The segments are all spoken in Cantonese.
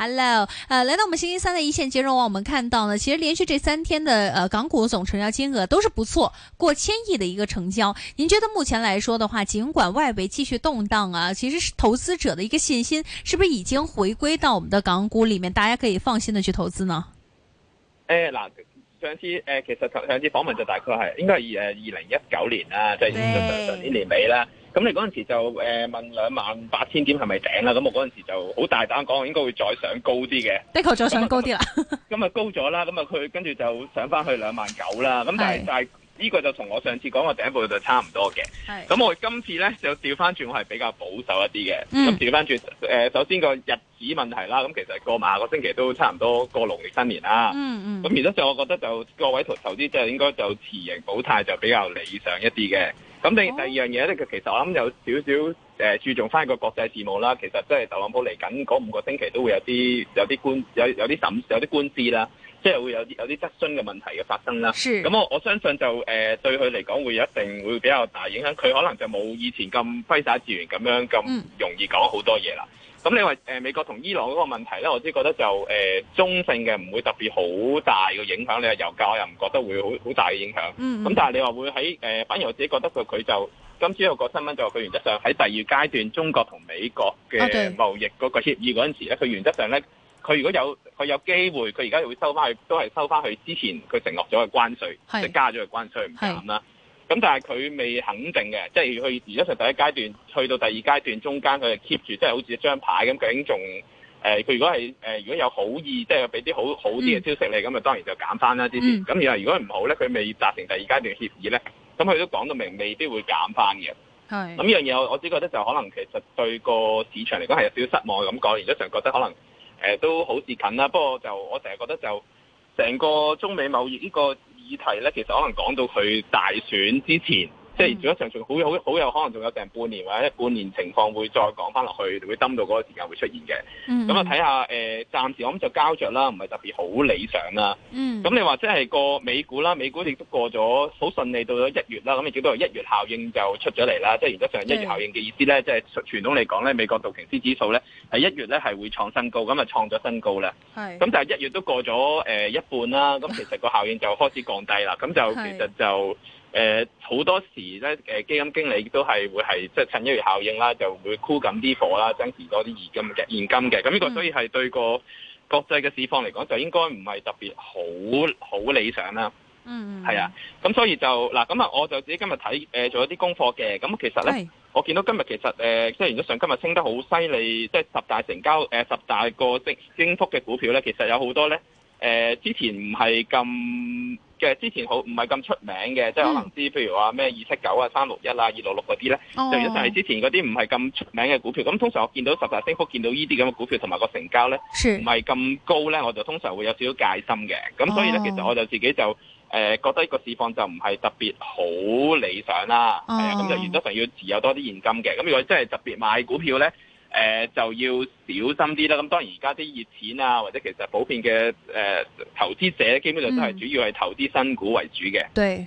Hello，呃，來到我們星期三的一線金融網，我們看到呢，其實連續這三天的呃港股總成交金額都是不錯，過千億的一個成交。您覺得目前來說的話，儘管外圍繼續動盪啊，其實是投資者的一個信心是不是已經回歸到我們的港股裏面？大家可以放心的去投資呢？誒，嗱，上次誒、呃，其實上次訪問就大概係應該係誒二零一九年啊，即係對、就是、上上年年尾啦。咁你嗰陣時就誒問兩萬八千點係咪頂啦？咁我嗰陣時就好大膽講，應該會再上高啲嘅。的確再上高啲啦。咁啊高咗啦，咁啊佢跟住就上翻去兩萬九啦。咁是但係但係呢個就同我上次講個頂部就差唔多嘅。咁是我今次咧就調翻轉，我係比較保守一啲嘅。咁調翻轉誒，首先個日子問題啦，咁其實過埋下個星期都差唔多過農曆新年啦。咁而家就我覺得就各位投投資者應該就持盈保態就比較理想一啲嘅。咁你第二樣嘢咧，佢其實我諗有少少誒注重翻個國際事務啦。其實即係特朗普嚟緊嗰五個星期都會有啲有啲官有有啲審有啲官司啦。即係會有啲有啲質詢嘅問題嘅發生啦。咁是我我相信就誒、呃、對佢嚟講會一定會比較大影響。佢可能就冇以前咁揮灑自如咁樣咁、嗯、容易講好多嘢啦。咁你話、呃、美國同伊朗嗰個問題咧，我自己覺得就誒、呃、中性嘅，唔會特別好大嘅影響。你話油價我又唔覺得會好好大嘅影響。咁、嗯嗯嗯、但係你話會喺、呃、反而我自己覺得佢佢就今朝有個新聞就話佢原則上喺第二階段中國同美國嘅貿易嗰個協議嗰陣時咧，佢 Okay. 原則上咧。佢如果有佢有機會，佢而家會收翻去，都係收翻去之前佢承諾咗嘅關稅，即是加咗嘅關稅，唔減啦。咁是但係佢未肯定嘅，即係佢而家上第一階段去到第二階段中間，佢係 keep 住，即係好似一張牌咁。究竟仲誒？佢、呃、如果係誒、呃，如果有好意，即係俾啲好好啲嘅消息你，咁啊、嗯、當然就減翻啦。之前咁而係如果唔好咧，佢未達成第二階段協議咧，咁佢都講到明未必會減翻嘅。係咁呢樣嘢，我我只覺得就可能其實對個市場嚟講係有少少失望咁講，而家上覺得可能。誒都好接近啦，不過就我成日覺得就成個中美貿易呢個議題咧，其實可能講到佢大選之前。Mm hmm. 即係如果上場，仲好，好，好有可能仲有成半年或者半年情況會再講翻落去，就會等到嗰個時間會出現嘅。咁啊、mm，睇、hmm. 下誒、呃，暫時我諗就交着啦，唔係特別好理想啦。咁、mm hmm. 你話即係過美股啦，美股亦都過咗好順利到咗一月啦。咁亦都都一月效應就出咗嚟啦。Mm hmm. 即係而家上一月效應嘅意思咧，即係、mm hmm. 傳統嚟講咧，美國道瓊斯指數咧係一月咧係會創新高，咁啊創咗新高啦。係、mm。咁但係一月都過咗誒、呃、一半啦，咁其實個效應就開始降低啦。咁 就、mm hmm. 其實就誒，好、呃、多時咧，誒，基金經理都係會係即係趁一月效應啦，就會箍緊啲貨啦，增持多啲現金嘅現金嘅，咁呢個所以係對個國際嘅市況嚟講，就應該唔係特別好好理想啦。嗯，係啊，咁所以就嗱，咁啊，我就自己今日睇誒做一啲功課嘅，咁其實咧，是我見到今日其實誒，係、呃，如果上今日升得好犀利，即、就、係、是、十大成交誒、呃，十大個升升幅嘅股票咧，其實有好多咧。誒、呃，之前唔係咁嘅，之前好唔係咁出名嘅，嗯、即係可能啲譬如話咩二七九啊、三六一啊、二六六嗰啲咧，就一係之前嗰啲唔係咁出名嘅股票。咁通常我見到十大升幅見到呢啲咁嘅股票同埋個成交咧，唔係咁高咧，我就通常會有少少戒心嘅。咁所以咧，哦、其實我就自己就誒、呃、覺得這個市況就唔係特別好理想啦。係啊、哦，咁就原則上要持有多啲現金嘅。咁如果真係特別買股票咧。誒、呃、就要小心啲啦，咁當然而家啲熱錢啊，或者其實普遍嘅誒、呃、投資者，基本上都係主要係投資新股為主嘅。嗯，對。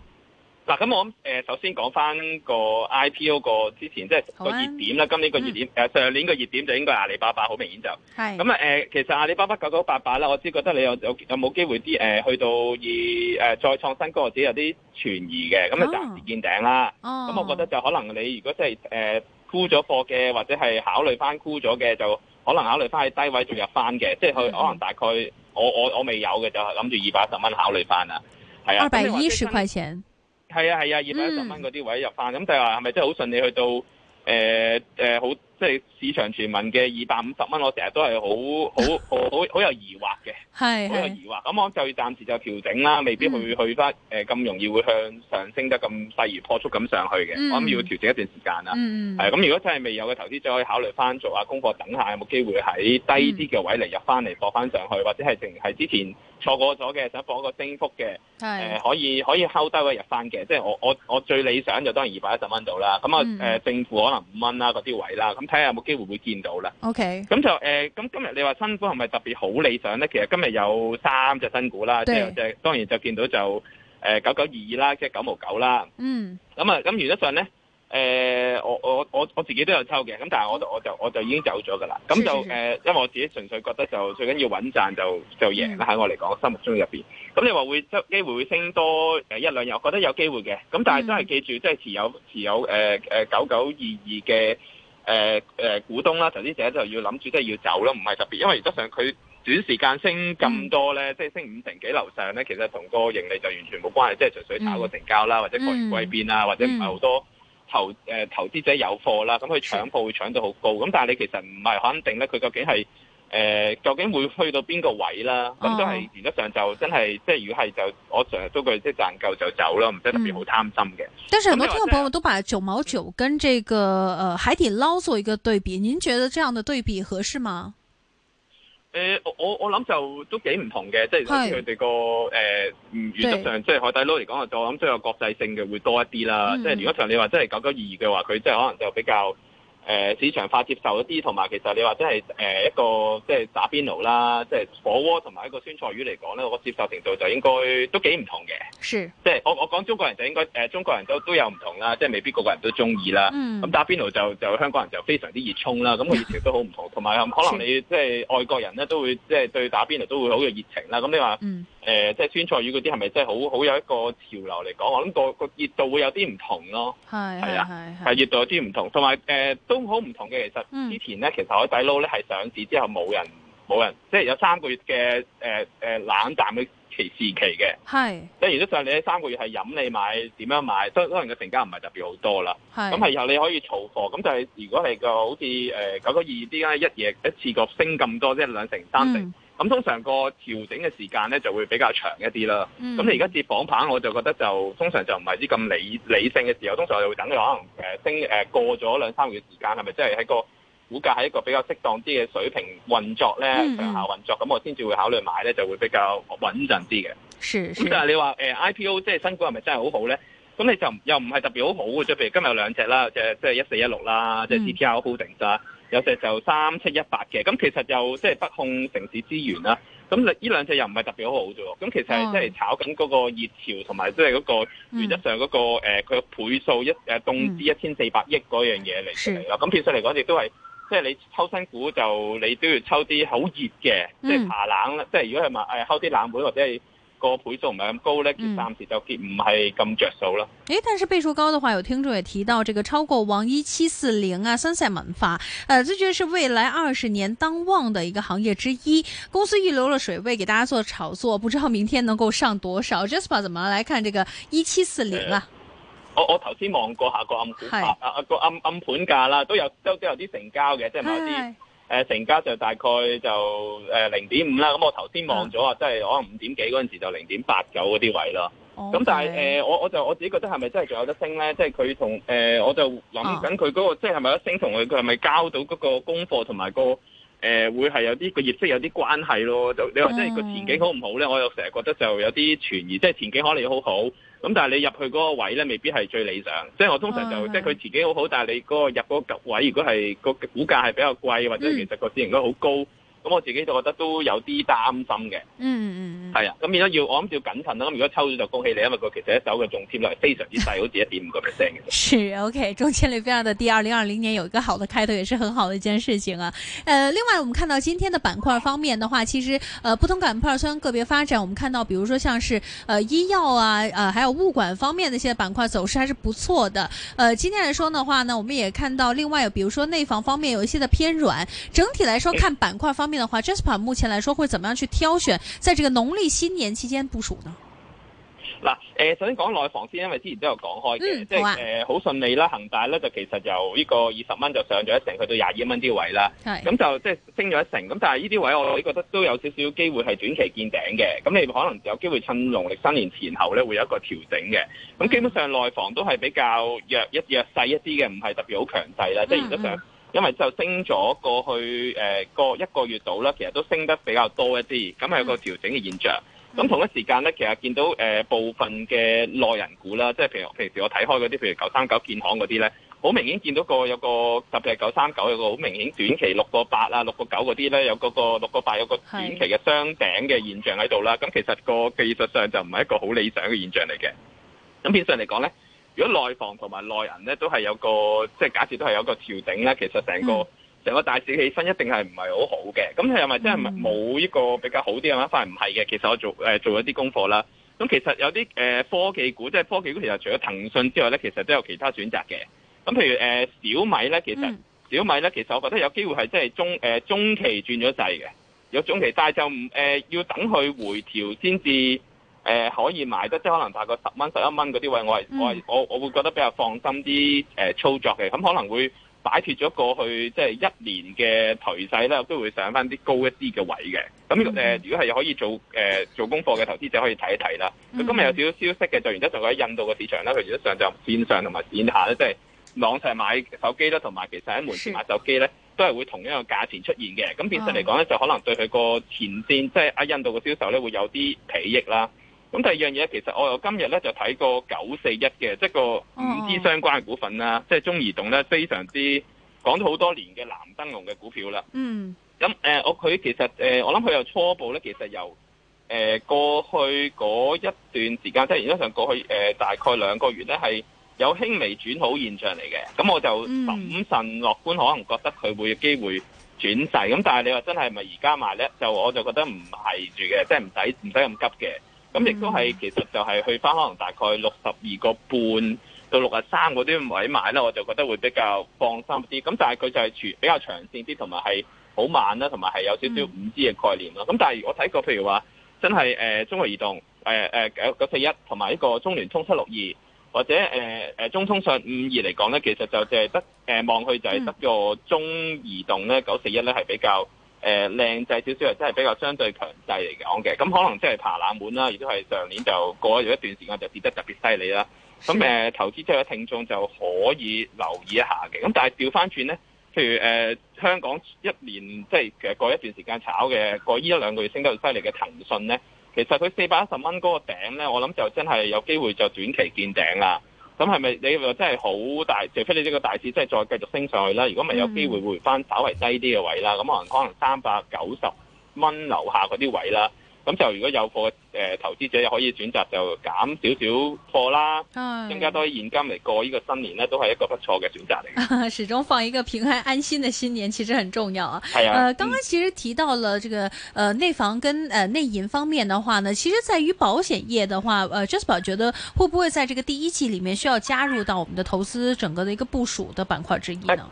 嗱，咁我咁首先講翻個 IPO 之前，即係個熱點啦。今年個熱點，上年個熱點就應該阿里巴巴好明顯就係咁啊。其實阿里巴巴九九八八啦，我知覺得你有有有冇機會啲誒、呃、去到二、呃、再創新高，或者有啲存疑嘅。咁、嗯、啊，暫、哦、時見頂啦。咁、哦嗯、我覺得就可能你如果即係誒沽咗貨嘅，或者係考慮翻沽咗嘅，就可能考慮翻喺低位仲入翻嘅。嗯、即係佢可能大概我我我未有嘅就係諗住二百一十蚊考慮翻啦。係、嗯、啊，二百一十塊錢、嗯係啊係啊，二百一十蚊嗰啲位入翻，咁就話係咪真係好順利去到誒誒好？呃呃即係市場傳聞嘅二百五十蚊，我成日都係好好好好有疑惑嘅，好有疑惑。咁我就暫時就調整啦，未必去去翻誒咁容易會向上升得咁勢如破竹咁上去嘅。我諗要調整一段時間啦。係咁，如果真係未有嘅投資者，就可以考慮翻做下功課，等下有冇機會喺低啲嘅位嚟入翻嚟搏翻上去，或者係淨係之前錯過咗嘅，想搏一個升幅嘅，誒可以可以收低嘅入翻嘅。即係我我我最理想就當然二百一十蚊度啦。咁啊誒，政府可能五蚊啦，嗰啲位啦。咁睇下有冇機會會見到啦。OK，咁就誒，咁、呃、今日你話新股係咪特別好理想咧？其實今日有三隻新股啦，即係對當然就見到就誒九九二二啦，即係九毛九啦。嗯。咁啊，咁原則上咧，誒、呃，我我我我自己都有抽嘅，咁但係我我就我就已經走咗噶啦。咁就誒、呃，因為我自己純粹覺得就最緊要穩賺就就贏啦，喺、嗯、我嚟講心目中入邊。咁你話會執機會會升多誒一兩日，我覺得有機會嘅。咁但係真係記住，即係、嗯、持有持有誒誒九九二二嘅。呃呃呃誒誒、呃呃，股東啦，投資者就要諗住即係要走咯，唔係特別，因為而家上佢短時間升咁多咧，嗯、即係升五成幾樓上咧，其實同個盈利就完全冇關係，即係純粹炒個成交啦，嗯、或者盤面變啊，嗯、或者唔係好多投誒、呃、投資者有貨啦，咁佢、嗯、搶貨會搶到好高，咁的但係你其實唔係肯定咧，佢究竟係。誒，究竟會去到邊個位啦？咁、啊、都係原則上就真係，即係如果係就我成日都佢即係賺夠就走啦，唔使特別好貪心嘅。嗯、但是很多聽眾朋友都把九毛九跟這個誒、嗯呃、海底撈做一個對比，您覺得這樣的對比合適嗎？誒、呃，我我我諗就都幾唔同嘅，是即係佢哋個誒原則上，對即係海底撈嚟講就我諗都有國際性嘅會多一啲啦。嗯、即係如果上你話即係九九二二嘅話，佢即係可能就比較。誒、呃、市場化接受一啲，同埋其實你話即係誒一個即係打邊爐啦，即係火鍋同埋一個酸菜魚嚟講咧，呢個接受程度就應該都幾唔同嘅。是，即係我我講中國人就應該、呃、中國人都都有唔同啦，即係未必個個人都中意啦。咁、嗯、打邊爐就就香港人就非常之熱衷啦，咁個熱情都好唔同。同埋 可能你是即係外國人咧，都會即係對打邊爐都會好有熱情啦。咁你話嗯。誒，即係酸菜魚嗰啲係咪真係好好有一個潮流嚟講？我諗個個熱度會有啲唔同咯。係是啊，係係熱度有啲唔同，呃、同埋誒都好唔同嘅。其實之前咧，嗯、其實海底撈咧係上市之後冇人冇人，即係有三個月嘅誒誒冷淡嘅期時期嘅。係是，即係如果上你喺三個月係飲你買點樣買，所都係個成交唔係特別好多啦。咁係是以後你可以儲貨。咁就係、是、如果係個好似誒、呃、九九二，啲一夜，一、夜一次過升咁多，即、就、係、是、兩成三成。嗯咁、嗯、通常個調整嘅時間咧就會比較長一啲啦。咁、嗯、你而家接房棒，我就覺得就通常就唔係啲咁理理性嘅時候，通常我就會等你可能誒、呃、升、呃、過咗兩三個月時間，係咪即係喺個股價喺一個比較適當啲嘅水平運作咧，嗯、上下運作，咁我先至會考慮買咧，就會比較穩陣啲嘅。咁但係你話、呃、IPO 即係新股係咪真係好好咧？咁你就又唔係特別好好嘅啫。譬如今日有兩隻啦，即係即係一四一六啦，即係 CTR Holdings 啦、嗯。有隻就三七一八嘅，咁其實又即係北控城市資源啦。咁呢呢兩隻又唔係特別好好啫喎。咁其實係即係炒緊嗰個熱潮同埋即係嗰個原則上嗰、嗰個誒佢、嗯呃、倍數一誒、啊、凍資一千四百億嗰樣嘢嚟嚟啦。咁其實嚟講亦都係即係你抽新股就你都要抽啲好熱嘅，即係爬冷啦。嗯、即係如果係咪抽啲冷盤或者係。個倍數唔係咁高咧，其實暫時就唔係咁着數啦。誒、嗯，但是倍數高嘅話，有聽眾也提到，這個超過王一七四零啊，新世文化，誒、呃，這就是未來二十年當旺嘅一個行業之一。公司預留了水位，給大家做炒作，不知道明天能夠上多少？Jasper 怎麼來看這個一七四零啊？我我頭先望過下個暗盤價，的啊啊個暗暗盤價啦，都有都都有啲成交嘅，即係某啲。誒、呃、成交就大概就誒零點五啦，咁、嗯、我頭先望咗啊，即係可能五點幾嗰陣時就零點八九嗰啲位咯。咁但係誒，我我就我自己覺得係咪真係仲有得升咧？即係佢同誒、呃，我就諗緊佢嗰個，啊、即係係咪一升同佢佢係咪交到嗰個功課同埋、嗰個。誒、呃、會係有啲個業績有啲關係咯，就你話即係個前景好唔好咧？嗯、我又成日覺得就有啲存疑，即、就、係、是、前景可能好好，咁但係你入去嗰個位咧，未必係最理想。嗯、即係我通常就、嗯、即係佢前景好好，但係你嗰、那個入嗰個位，如果係個股價係比較貴，或者其實個市盈都好高。嗯。咁我自己就覺得都有啲擔心嘅，嗯嗯嗯，係啊，咁變咗要我諗住要謹慎啦，咁如果抽咗就恭喜你，因為佢其實一手嘅中籤率係非常之細，好似一點五個 percent 咁嘅嘢。是 OK，中籤率非常的低，二零二零年有一個好的開頭，也是很好的一件事情啊。呃，另外我們看到今天的板塊方面的話，其實呃不同板塊雖然個別發展，我們看到，比如說像是呃醫藥啊，呃還有物管方面的一些板塊走勢還是不錯的。呃，今天來說的話呢，我們也看到另外有，譬如說內房方面有一些的偏軟，整體來說看板塊方面、嗯嘅話，Jasper 目前來說會怎麼樣去挑選，在這個農曆新年期間部署呢？嗱、嗯，誒、嗯，首先講內房先，因為之前都有講開，即係誒好順利啦，恒大咧就其實由呢個二十蚊就上咗一、嗯、一成，去到廿二蚊啲位啦，係咁就即係升咗一成，咁但係呢啲位我呢覺得都有少少機會係短期見頂嘅，咁你可能有機會趁農曆新年前後咧會有一個調整嘅，咁基本上內房都係比較弱一弱細一啲嘅，唔係特別好強勢啦，嗯、即係如果上。嗯嗯因為就升咗過去誒個、呃、一個月度啦，其實都升得比較多一啲，咁係有個調整嘅現象。咁同一時間呢，其實見到誒、呃、部分嘅內人股啦，即係譬如平時我睇開嗰啲，譬如九三九建行嗰啲呢，好明顯見到個有個特別係九三九有個好明顯短期六個八啊、六個九嗰啲呢，有嗰個六個八有個短期嘅雙頂嘅現象喺度啦。咁其實個技術上就唔係一個好理想嘅現象嚟嘅。咁變相嚟講呢。如果內房同埋內銀咧都係有個即係假設都係有個調整咧，其實成個成、嗯、個大市起身一定係唔係好好嘅。咁佢係咪真係冇一個比較好啲嘅咧？反而唔係嘅。其實我做誒做咗啲功課啦。咁其實有啲誒科技股，即係科技股，其實除咗騰訊之外咧，其實都有其他選擇嘅。咁譬如誒小米咧，嗯、其實小米咧，其實我覺得有機會係即係中誒中期轉咗勢嘅，有中期，但係就唔誒要等佢回調先至。誒、呃、可以買得，即可能大概十蚊、十一蚊嗰啲位我、嗯我，我我我我會覺得比較放心啲誒、呃、操作嘅，咁可能會擺脫咗過去即係、就是、一年嘅頹勢咧，都會上翻啲高一啲嘅位嘅。咁、嗯呃、如果係可以做誒、呃、做功課嘅投資者，可以睇一睇啦。咁、嗯、今日有少少消息嘅，就然之就喺印度嘅市場咧，佢而家上就線上同埋線下咧，即、就、係、是、網上買手機啦，同埋其實喺門市買手機咧，是都係會同一個價錢出現嘅。咁變成嚟講咧，就可能對佢個前線即係、就是、印度嘅銷售咧，會有啲裨益啦。咁第二樣嘢，其實我又今日咧就睇過九四一嘅，即、就、係、是、個五 G 相關嘅股份啦，oh. 即係中移動咧，非常之講咗好多年嘅藍燈籠嘅股票啦。嗯、mm.。咁、呃、誒、呃，我佢其實誒，我諗佢又初步咧，其實由誒、呃、過去嗰一段時間，即係而家上原則過去誒、呃、大概兩個月咧，係有輕微轉好現象嚟嘅。咁我就審慎樂觀，mm. 可能覺得佢會有機會轉勢。咁但係你話真係咪而家買咧？就我就覺得唔係住嘅，即係唔使唔使咁急嘅。咁亦都係，其實就係去翻可能大概六十二個半到六十三個啲位買啦。我就覺得會比較放心啲。咁但係佢就係長比較長線啲，同埋係好慢啦，同埋係有少少五 G 嘅概念啦、啊、咁但係我睇過，譬如話真係誒、呃、中國移動、誒誒九九四一，同、呃、埋呢個中聯通七六二，或者誒、呃、中通上五二嚟講咧，其實就淨係得誒、呃、望去就係得個中移動咧、九四一咧係比較。誒靚仔少少真係比較相對強勢嚟講嘅，咁可能即係爬冷門啦，亦都係上年就過咗一段時間就跌得特別犀利啦。咁誒、呃、投資者嘅聽眾就可以留意一下嘅。咁但係調翻轉咧，譬如誒、呃、香港一年即係其實過一段時間炒嘅，過依一兩個月升得犀利嘅騰訊咧，其實佢四百一十蚊嗰個頂咧，我諗就真係有機會就短期見頂啦。咁係咪你話真係好大？除非你呢個大市真係再繼續升上去啦，如果唔係有機會回翻稍微低啲嘅位啦，咁可能可能三百九十蚊樓下嗰啲位啦。咁就如果有貨誒、呃、投資者可以選擇就減少少貨啦，唉更加多啲現金嚟過呢個新年呢，都係一個不錯嘅選擇嚟。始終放一個平安安心的新年，其實很重要啊。係啊，誒、呃、剛剛其實提到了這個，呃內房跟呃內銀方面嘅話呢，其實在於保險業嘅話，呃 Jasper 覺得會不會在這個第一季裏面需要加入到我們的投資整個嘅一個部署的板塊之一呢？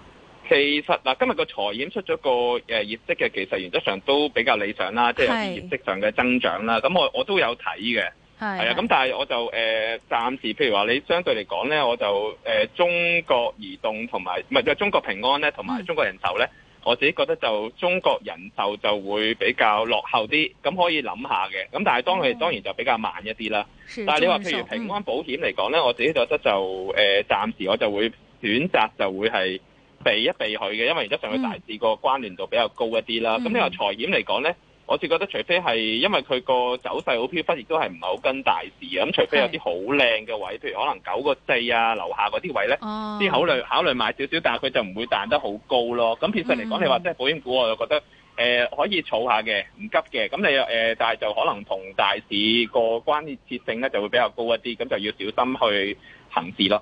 其實嗱，今日個財險出咗個誒業績嘅，其實原則上都比較理想啦，即係有啲業績上嘅增長啦。咁我我都有睇嘅，係啊的。咁的但係我就誒、呃、暫時，譬如話你相對嚟講咧，我就誒、呃、中國移動同埋唔係就中國平安咧，同埋中國人壽咧，的我自己覺得就中國人壽就會比較落後啲，咁可以諗下嘅。咁但係當佢當然就比較慢一啲啦。嗯、但係你話譬如平安保險嚟講咧，嗯、我自己覺得就誒、呃、暫時我就會選擇就會係。避一避佢嘅，因為而家上去大市個關聯度比較高一啲啦。咁你話財險嚟講咧，我就覺得除非係因為佢個走勢好飄忽，亦都係唔係好跟大市啊。咁除非有啲好靚嘅位，是譬如可能九個四啊、樓下嗰啲位咧，先、哦、考慮考慮買少少，但係佢就唔會彈得好高咯。咁、嗯嗯、其實嚟講，你話即係保險股，我就覺得誒、呃、可以儲下嘅，唔急嘅。咁你誒、呃，但係就可能同大市個關聯性咧就會比較高一啲，咁就要小心去行事咯。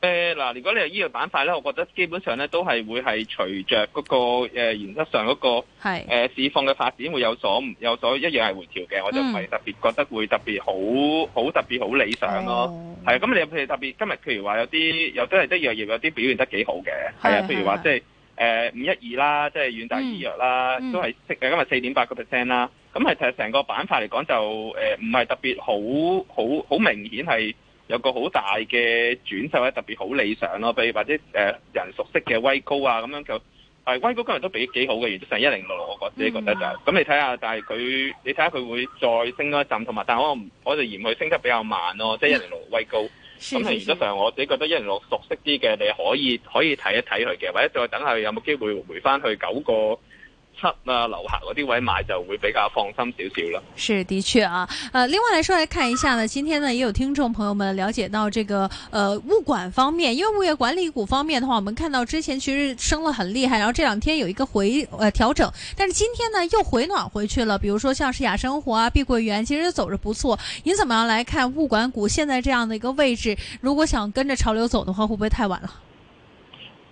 誒嗱、呃，如果你係醫藥板塊咧，我覺得基本上咧都係會係隨着嗰、那個、呃、原則上嗰、那個誒是、呃、市況嘅發展會有所有所一樣係回調嘅，嗯、我就唔係特別覺得會特別好好特別好理想咯。係啊、哦，咁你譬如特別今日譬如話有啲有都係啲藥業有啲表現得幾好嘅，係是啊，譬如話即係誒五一二啦，即、就、係、是、遠大醫藥啦，嗯、都係升今日四點八個 percent 啦。咁係其實成個板塊嚟講就誒唔係特別好好好明顯係。有個好大嘅轉勢，特別好理想咯、哦。譬如或者誒人熟悉嘅威高啊，咁樣就係威高今日都比幾好嘅，原則上一零六六，我自己覺得就咁、是嗯、你睇下。但係佢你睇下佢會再升多一陣，同埋但係我我哋嫌佢升得比較慢咯、哦，即係一零六六威高。咁其實上我自己覺得一零六六熟悉啲嘅，你可以可以睇一睇佢嘅，或者再等下有冇機會回翻去九個。嗯、那樓下嗰啲位買就會比較放心少少啦。是的確啊，呃，另外來說，來看一下呢，今天呢，也有聽眾朋友們了解到這個，呃，物管方面，因為物業管理股方面的話，我們看到之前其實升了很厲害，然後這兩天有一個回，呃，調整，但是今天呢，又回暖回去了。比如說，像是雅生活啊、碧桂園，其實走着不錯。您怎麼樣來看物管股現在這樣的一個位置？如果想跟着潮流走的話，會不會太晚了？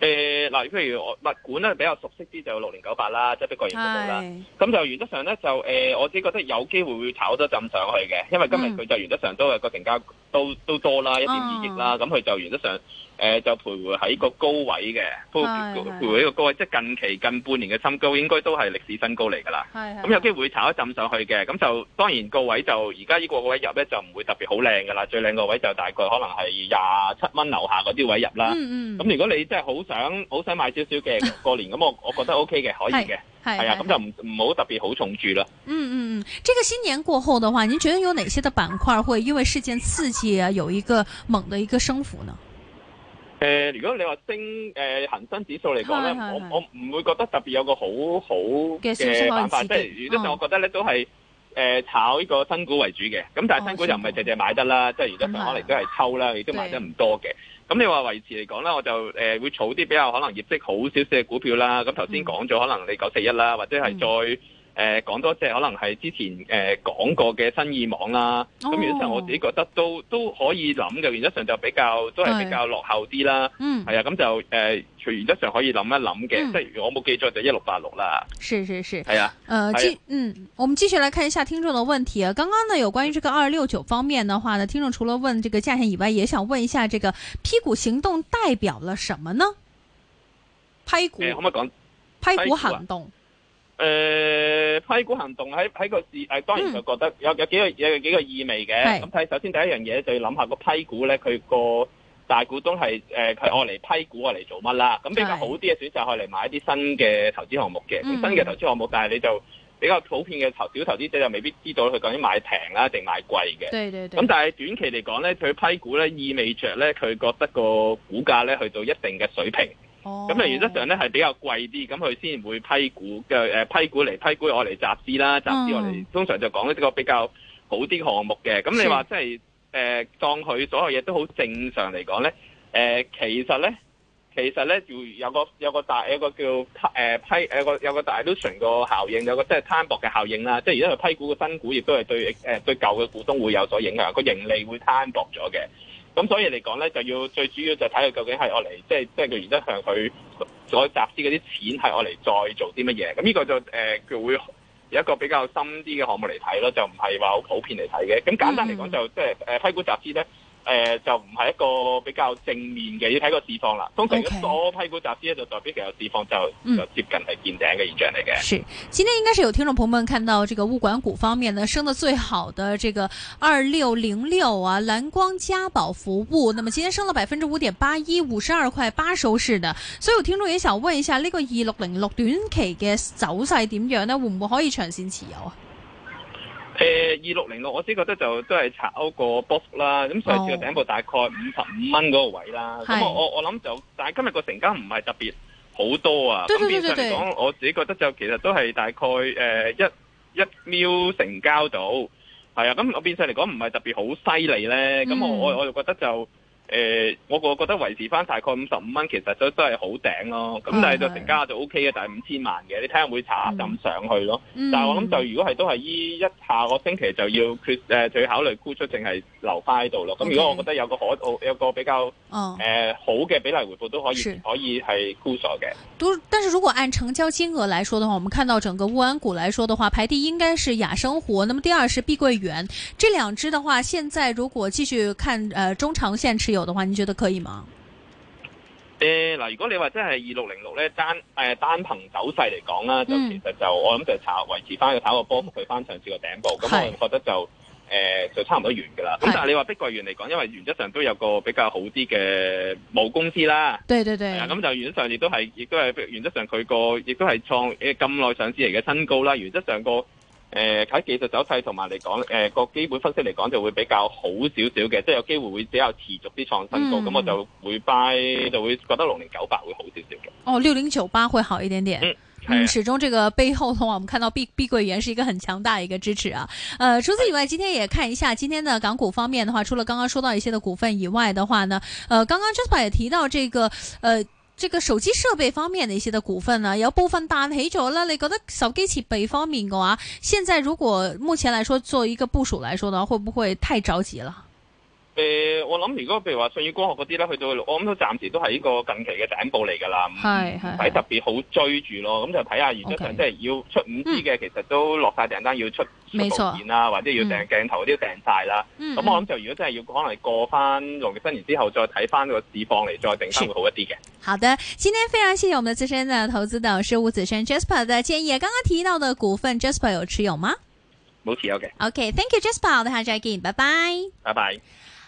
誒嗱、呃，譬如我物管咧比較熟悉啲，就六零九八啦，即、就、係、是、碧桂園嗰度啦。咁唉就原則上咧，就誒、呃，我自己覺得有機會會炒多浸上去嘅，因為今日佢就原則上都係個成交都都多啦，一點二億啦。咁佢、嗯、就原則上。誒就徘徊喺個高位嘅，徘徊喺個高位，即係近期近半年嘅新高，應該都係歷史新高嚟㗎啦。係係，咁有機會炒一浸上去嘅。咁就當然個位就而家呢個位入咧，就唔會特別好靚㗎啦。最靚個位就大概可能係廿七蚊樓下嗰啲位入啦。嗯嗯。咁如果你真係好想好想買少少嘅過年，咁我我覺得 OK 嘅，可以嘅。係啊，咁就唔唔好特別好重住啦。嗯嗯嗯，呢個新年過後的話，您覺得有哪些的板塊會因為事件刺激啊，有一個猛的一個升幅呢？誒、呃，如果你話升誒、呃、恒生指數嚟講咧，我我唔會覺得特別有個好好嘅辦法，是是是即係如果上我覺得咧都係誒、呃、炒呢個新股為主嘅，咁但係新股就唔係淨淨買得啦，哦、即係如果上可能都係抽啦，亦都買得唔多嘅。咁的你話維持嚟講咧，我就誒、呃、會儲啲比較可能業績好少少嘅股票啦。咁頭先講咗，嗯、可能你九四一啦，或者係再。嗯誒，講、呃、多只可能係之前誒講、呃、過嘅新意網啦，咁、哦、原則上我自己覺得都都可以諗嘅，原則上就比較都係比較落後啲啦。對的嗯，係啊，咁就誒，除原則上可以諗一諗嘅。嗯、即係如果我冇記錯就一六八六啦。是是是，係啊。誒，嗯，我們繼續嚟看一下聽眾的問題啊。啊剛剛呢有關於這個二六九方面的話呢，聽眾除了問這個價錢以外，也想問一下這個批股行動代表了什麼呢？批股、呃、可唔可以講？批股行動。誒、呃，批股行動喺喺個市誒、呃，當然就覺得有、嗯、有幾個有幾個意味嘅。咁睇是首先第一樣嘢就要諗下個批股咧，佢個大股東係誒佢愛嚟批股愛嚟做乜啦？咁是比較好啲嘅選擇係嚟買一啲新嘅投資項目嘅，咁、嗯、新嘅投資項目。但係你就比較普遍嘅投小投資者就未必知道佢究竟買平啦定買貴嘅？對對對。咁但係短期嚟講咧，佢批股咧意味着咧，佢覺得個股價咧去到一定嘅水平。咁啊，原則上呢係比較貴啲，咁佢先會批股嘅、呃、批股嚟批股，我嚟集資啦，集資我嚟通常就講呢個比較好啲項目嘅。咁你話即係誒當佢所有嘢都好正常嚟講呢、呃。其實呢，其實呢，有個有個大有個叫誒批、呃、有，有個大 dilution 個效應，有個即係攤薄嘅效應啦。即係而家佢批股個新股亦都係對、呃、對舊嘅股東會有所影響，個盈利會攤薄咗嘅。咁所以嚟講咧，就要最主要就睇佢究竟係我嚟，即係即係佢而家向佢所集資嗰啲錢係我嚟再做啲乜嘢。咁呢個就誒，佢、呃、會有一個比較深啲嘅項目嚟睇咯，就唔係話好普遍嚟睇嘅。咁簡單嚟講就即係、mm hmm. 就係呃、批股集資咧。誒、呃、就唔係一個比較正面嘅，要睇個市況啦。通常所嗰批股集資咧，就代表其實個市況就就接近係見頂嘅現象嚟嘅。是，今天應該是有聽眾朋友們看到這個物管股方面呢升得最好的，這個二六零六啊，藍光嘉寶服務。那麼今天升了百分之五點八一，五十二塊八收市的。所以有聽眾也想問一下呢、這個二六零六短期嘅走勢點樣呢？會唔會可以長線持有啊？誒二六零六，嗯呃、我自己覺得就都係炒個波幅啦。咁上次個頂部大概五十五蚊嗰個位啦。咁、哦、我我我諗就，但係今日個成交唔係特別好多啊。咁變相嚟講，我自己覺得就其實都係大概誒一一秒成交到，係啊。咁我變相嚟講唔係特別好犀利咧。咁、嗯、我我我就覺得就。誒、呃，我個覺得維持翻大概五十五蚊，其實都都係好頂咯。咁但係就成交就 O K 嘅，但係五千萬嘅，嗯、你睇下會查下咁上去咯。嗯、但係我諗就如果係都係依一下個星期就要決誒、呃、就要考慮沽出定係留翻喺度咯。咁、嗯、如果我覺得有個可有個比較誒、哦呃、好嘅比例回報都可以是可以係沽咗嘅。都，但是如果按成交金額來說嘅話，我們看到整個物管股來說嘅話，排第一應該是雅生活，那麼第二是碧桂園。這兩隻嘅話，現在如果繼續看誒、呃、中長線持有。的話，你覺得可以嗎？誒嗱、呃，如果你話真係二六零六咧，單誒、呃、單憑走勢嚟講啦，就其實就、嗯、我諗就係查維持翻要炒個波，復佢翻上次個頂部咁，是我哋覺得就誒、呃、就差唔多完噶啦。咁是但係你話碧桂園嚟講，因為原則上都有個比較好啲嘅母公司啦，對對對，咁、嗯、就原則上亦都係亦都係原則上佢個亦都係創誒咁耐上市嚟嘅新高啦。原則上個。呃喺技術走勢同埋嚟講，呃個基本分析嚟講就會比較好少少嘅，即係有機會會比較持續啲創新度咁、嗯、我就會拜就會覺得六零九八會好少少嘅。哦，六零九八會好一點點。嗯，嗯，始終這個背後的話，同埋我們看到碧碧桂園是一個很強大一個支持啊。呃，除此以外，今天也看一下今天的港股方面的話，除了剛剛說到一些的股份以外的話呢，呃，剛剛 Jasper 也提到這個，呃。這個手機設備方面的一些的股份呢、啊，有部分擔起咗啦。你覺得手機設備方面的、啊、話，現在如果目前來說做一個部署來說的話，會不會太着急了？誒、呃，我諗如果譬如話信宇光學嗰啲咧，去到我諗都暫時都係呢個近期嘅頂部嚟噶啦，唔使特別好追住咯。咁 okay, 就睇下而家即係要出 5G 嘅，嗯、其實都落晒訂單，要出部件啊，或者要訂鏡頭嗰啲都訂晒啦。咁、嗯、我諗就如果真係要可能係過翻農曆新年之後，再睇翻個市況嚟再訂單會好一啲嘅。好的，今天非常謝謝我們的資深嘅投資導師吳子軒 Jasper 嘅建議。剛剛提到嘅股份 Jasper 有持有嗎？冇持有嘅。OK，thank、okay, you Jasper，我哋下再見，拜拜。拜拜。